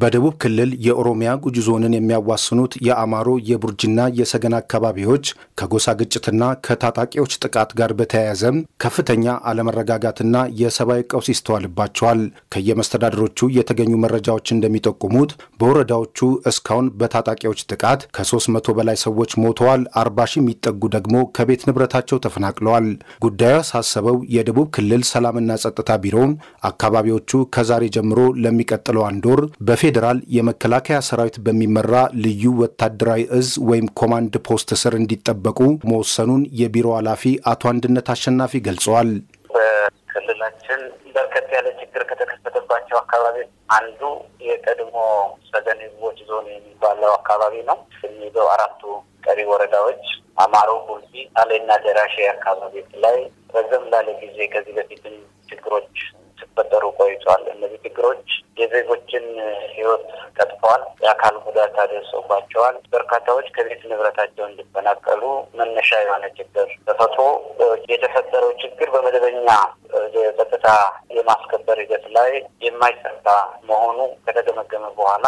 በደቡብ ክልል የኦሮሚያ ጉጂ ዞንን የሚያዋስኑት የአማሮ የቡርጅና የሰገን አካባቢዎች ከጎሳ ግጭትና ከታጣቂዎች ጥቃት ጋር በተያያዘም ከፍተኛ አለመረጋጋትና የሰብአዊ ቀውስ ይስተዋልባቸዋል። ከየመስተዳድሮቹ የተገኙ መረጃዎች እንደሚጠቁሙት በወረዳዎቹ እስካሁን በታጣቂዎች ጥቃት ከ300 በላይ ሰዎች ሞተዋል፣ 40 ሺህ የሚጠጉ ደግሞ ከቤት ንብረታቸው ተፈናቅለዋል። ጉዳዩ ያሳሰበው የደቡብ ክልል ሰላምና ጸጥታ ቢሮ አካባቢዎቹ ከዛሬ ጀምሮ ለሚቀጥለው አንድ ወር በፌዴራል የመከላከያ ሰራዊት በሚመራ ልዩ ወታደራዊ እዝ ወይም ኮማንድ ፖስት ስር እንዲጠበቁ መወሰኑን የቢሮ ኃላፊ አቶ አንድነት አሸናፊ ገልጸዋል። በክልላችን በርከት ያለ ችግር ከተከሰተባቸው አካባቢ አንዱ የቀድሞ ሰገን ዞን የሚባለው አካባቢ ነው። የሚይዘው አራቱ ቀሪ ወረዳዎች አማሮ፣ ቡልቢ፣ አሌና ደራሼ አካባቢ ላይ ረዘም ላለ ጊዜ ከዚህ በፊትም ችግሮች ሲፈጠሩ ቆይቷል። እነዚህ ችግሮች የዜጎችን ህይወት ቀጥፈዋል፣ የአካል ጉዳት አደርሶባቸዋል። በርካታዎች ከቤት ንብረታቸው እንዲፈናቀሉ መነሻ የሆነ ችግር ተፈጥሮ የተፈጠረው ችግር በመደበኛ የጸጥታ የማስከበር ሂደት ላይ የማይሰጣ መሆኑ ከተገመገመ በኋላ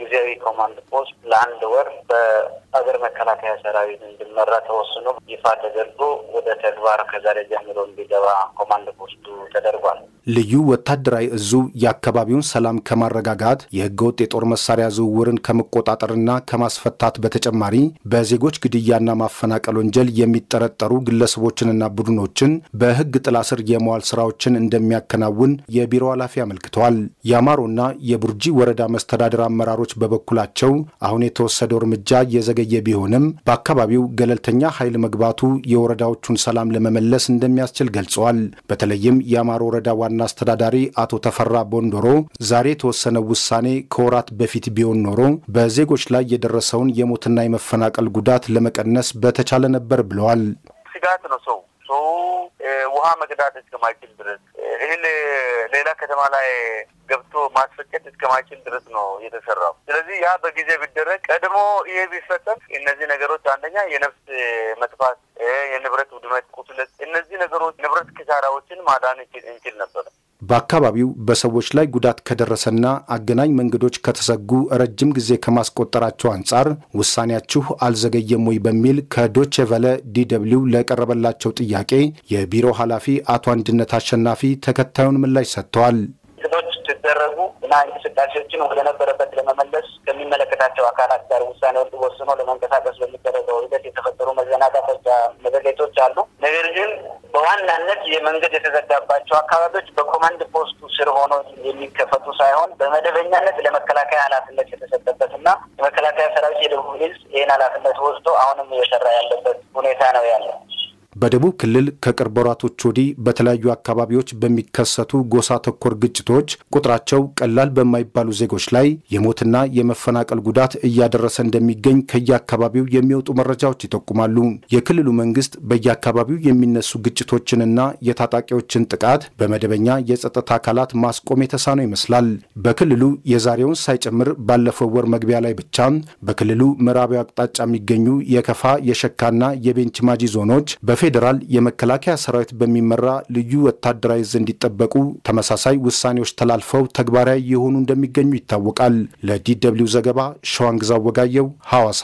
ጊዜያዊ ኮማንድ ፖስት ለአንድ ወር በአገር መከላከያ ሰራዊት እንዲመራ ተወስኖ ይፋ ተደርጎ ወደ ተግባር ከዛሬ ጀምሮ እንዲገባ ኮማንድ ፖስቱ ተደርጓል። ልዩ ወታደራዊ እዙ የአካባቢውን ሰላም ከማረጋጋት የህገወጥ የጦር መሳሪያ ዝውውርን ከመቆጣጠርና ከማስፈታት በተጨማሪ በዜጎች ግድያና ማፈናቀል ወንጀል የሚጠረጠሩ ግለሰቦችንና ቡድኖችን በህግ ጥላ ስር የመዋል ስራዎችን እንደሚያከናውን የቢሮ ኃላፊ አመልክተዋል። የአማሮና የቡርጂ ወረዳ መስተዳደር አመራሮች በበኩላቸው አሁን የተወሰደው እርምጃ የዘገየ ቢሆንም በአካባቢው ገለልተኛ ኃይል መግባቱ የወረዳዎቹን ሰላም ለመመለስ እንደሚያስችል ገልጸዋል። በተለይም የአማሮ ወረዳ ዋና ዋና አስተዳዳሪ አቶ ተፈራ ቦንዶሮ ዛሬ የተወሰነ ውሳኔ ከወራት በፊት ቢሆን ኖሮ በዜጎች ላይ የደረሰውን የሞትና የመፈናቀል ጉዳት ለመቀነስ በተቻለ ነበር ብለዋል። ስጋት ነው ሰው ሰው ውሃ መቅዳት እስከማይችል ድረስ እህል ሌላ ከተማ ላይ ገብቶ ማስፈጨት እስከማይችል ድረስ ነው የተሰራው። ስለዚህ ያ በጊዜ ቢደረግ ቀድሞ ይሄ ቢፈጸም እነዚህ ነገሮች አንደኛ የነፍስ መጥፋት፣ የንብረት ውድመት፣ ቁስለት እነዚህ ነገሮች ንብረት ኪሳራዎችን ማዳን እንችል ነበር። በአካባቢው በሰዎች ላይ ጉዳት ከደረሰና አገናኝ መንገዶች ከተዘጉ ረጅም ጊዜ ከማስቆጠራቸው አንጻር ውሳኔያችሁ አልዘገየም ወይ በሚል ከዶቼ ቨለ ዲደብሊው ለቀረበላቸው ጥያቄ የቢሮ ኃላፊ አቶ አንድነት አሸናፊ ተከታዩን ምላሽ ሰጥተዋል። ሲደረጉ እና እንቅስቃሴዎችን ወደነበረበት ለመመለስ ከሚመለከታቸው አካላት ጋር ውሳኔ ወስኖ ለመንቀሳቀስ በሚደረገው ሂደት የተፈጠሩ መዘናጋቶች፣ መዘግየቶች አሉ። በዋናነት የመንገድ የተዘጋባቸው አካባቢዎች በኮማንድ ፖስቱ ስር ሆኖ የሚከፈቱ ሳይሆን በመደበኛነት ለመከላከያ ኃላፊነት የተሰጠበት እና የመከላከያ ሰራዊት የደቡብ እዝ ይህን ኃላፊነት ወስዶ አሁንም እየሰራ ያለበት ሁኔታ ነው ያለው። በደቡብ ክልል ከቅርብ ወራቶች ወዲህ በተለያዩ አካባቢዎች በሚከሰቱ ጎሳ ተኮር ግጭቶች ቁጥራቸው ቀላል በማይባሉ ዜጎች ላይ የሞትና የመፈናቀል ጉዳት እያደረሰ እንደሚገኝ ከየአካባቢው የሚወጡ መረጃዎች ይጠቁማሉ። የክልሉ መንግስት በየአካባቢው የሚነሱ ግጭቶችንና የታጣቂዎችን ጥቃት በመደበኛ የጸጥታ አካላት ማስቆም የተሳነው ይመስላል። በክልሉ የዛሬውን ሳይጨምር ባለፈው ወር መግቢያ ላይ ብቻ በክልሉ ምዕራባዊ አቅጣጫ የሚገኙ የከፋ የሸካና የቤንች ማጂ ዞኖች በፌ በፌዴራል የመከላከያ ሰራዊት በሚመራ ልዩ ወታደራዊ ዕዝ እንዲጠበቁ ተመሳሳይ ውሳኔዎች ተላልፈው ተግባራዊ የሆኑ እንደሚገኙ ይታወቃል። ለዲ ደብልዩ ዘገባ ሸዋንግዛ ወጋየው ሐዋሳ